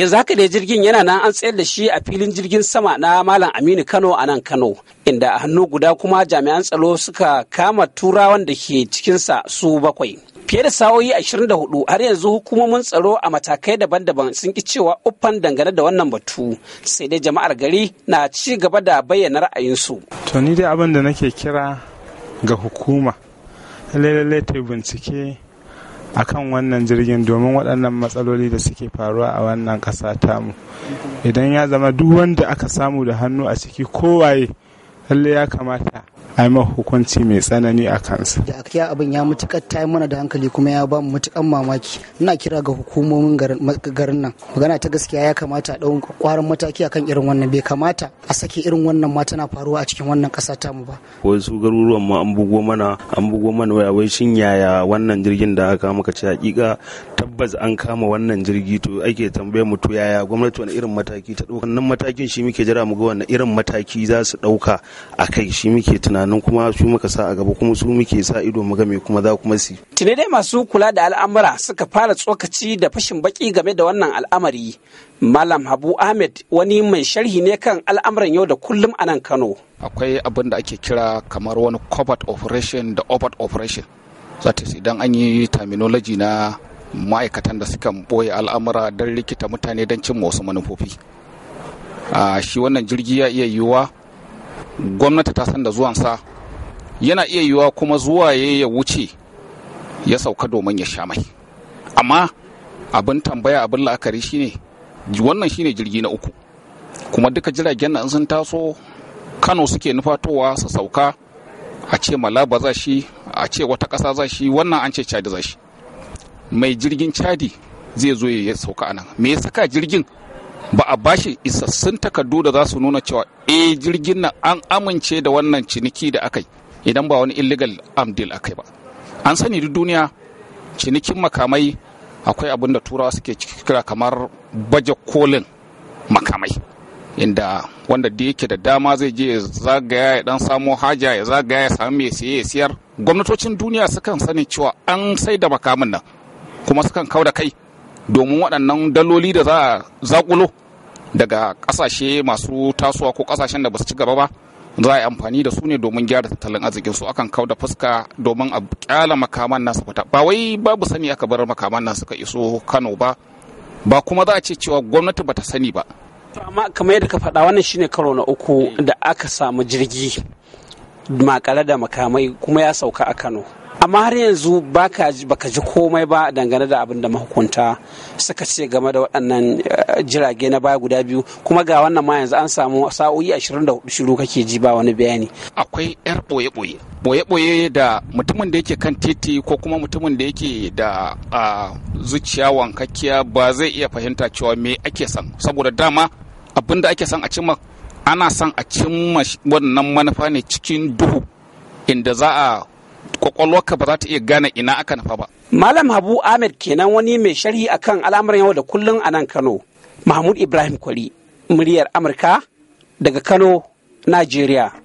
yanzu haka dai jirgin yana nan an tsayar da shi a filin jirgin sama na malam aminu kano a nan kano inda a hannu guda kuma jami'an tsaro suka kama turawan da ke cikinsa su bakwai fiye da sa'o'i hudu har yanzu hukumomin tsaro a matakai daban-daban sun ki cewa uffan dangane da wannan batu sai dai jama'ar gari na ci gaba da bayyana ra'ayinsu to ni dai abin da nake kira ga hukuma lallai ta bincike a kan wannan jirgin domin waɗannan matsaloli da suke faruwa a wannan ƙasa tamu idan ya zama duk wanda aka samu da hannu a ciki kowaye lalle ya kamata ai hukunci mai tsanani a kansa. Gaskiya abin ya mutukar ta mana da hankali kuma ya ba mu mutukan mamaki. Ina kira ga hukumomin garin nan. Magana ta gaskiya ya kamata a ɗau kwarin mataki akan irin wannan bai kamata a sake irin wannan ma tana faruwa a cikin wannan ƙasa ta mu ba. Wasu garuruwan ma an bugo mana an bugo mana waya wai shin yaya wannan jirgin da aka maka ce hakika tabbas an kama wannan jirgi to ake tambayar mu to yaya gwamnati wani irin mataki ta ɗauka. Wannan matakin shi muke jira mu ga wannan irin mataki za su ɗauka a kai shi muke tunani. nan kuma su muka sa a gaba kuma su muke sa ido mu ga me kuma za kuma si tune dai masu kula da al'amura suka fara tsokaci da fashin baki game da wannan al'amari malam habu ahmed wani mai sharhi ne kan al'amuran yau da kullum a nan kano akwai abin da ake kira kamar wani covert operation da overt operation Zata idan an yi terminology na ma'aikatan da suka boye al'amura don rikita mutane don cimma wasu manufofi a ah, shi wannan jirgi ya iya yiwuwa gwamnati ta san da zuwansa yana iya yiwa kuma zuwa ya wuce ya sauka domin ya sha mai amma abin tambaya abin la'akari shine wannan shine jirgi na uku kuma duka jiragen nan sun taso kano suke nufatowa su sauka a ce malaba za shi a ce wata ƙasa za shi wannan an ce cadi za shi mai jirgin cadi zai zo ya sauka anan me ya saka jirgin ba a bashi isassun takardu da za su nuna cewa e jirgin nan an amince da wannan ciniki da aka yi idan ba wani illegal arm deal aka yi ba an sani duk duniya cinikin makamai akwai abin da turawa suke kira kamar baje kolin makamai inda wanda da yake da dama zai je ya zagaya ya dan samo haja ya zagaya ya sami mai siye ya siyar gwamnatocin duniya sukan sani cewa an sai da makamin nan kuma sukan kau da kai domin waɗannan daloli da za a zakulo daga ƙasashe masu tasowa ko ƙasashen da ba su ci gaba ba za a yi amfani da su ne domin gyara tattalin arzikin su akan kau da fuska domin a ƙyala makaman nasu fita ba wai babu sani aka bar makaman nan suka iso kano ba ba kuma za a ce cewa gwamnati bata sani ba amma kamar yadda ka faɗa wannan shine karo na uku da aka samu jirgi makare da makamai kuma ya sauka a kano amma har yanzu baka ji komai ba dangane da abin da mahukunta suka ce game da waɗannan eh, jirage na baya guda biyu kuma ga wannan ma yanzu an samu sa'o'i 24 shiru kake ji ba wani bayani akwai yar boye-boye boye-boye da mutumin da yake kan titi ko kuma mutumin da yake da zuciya wankakkiya ba zai iya fahimta cewa me ake san? saboda dama abin da ake san a cimma ana san a cimma wannan manufa ne cikin duhu inda za a kwakwalwarka ba za ta iya gane ina aka nafa ba. Malam Habu Ahmed kenan wani mai sharhi akan al'amuran yau da kullum a nan Kano. Mahmud Ibrahim Kwari, muryar Amurka daga Kano, Najeriya.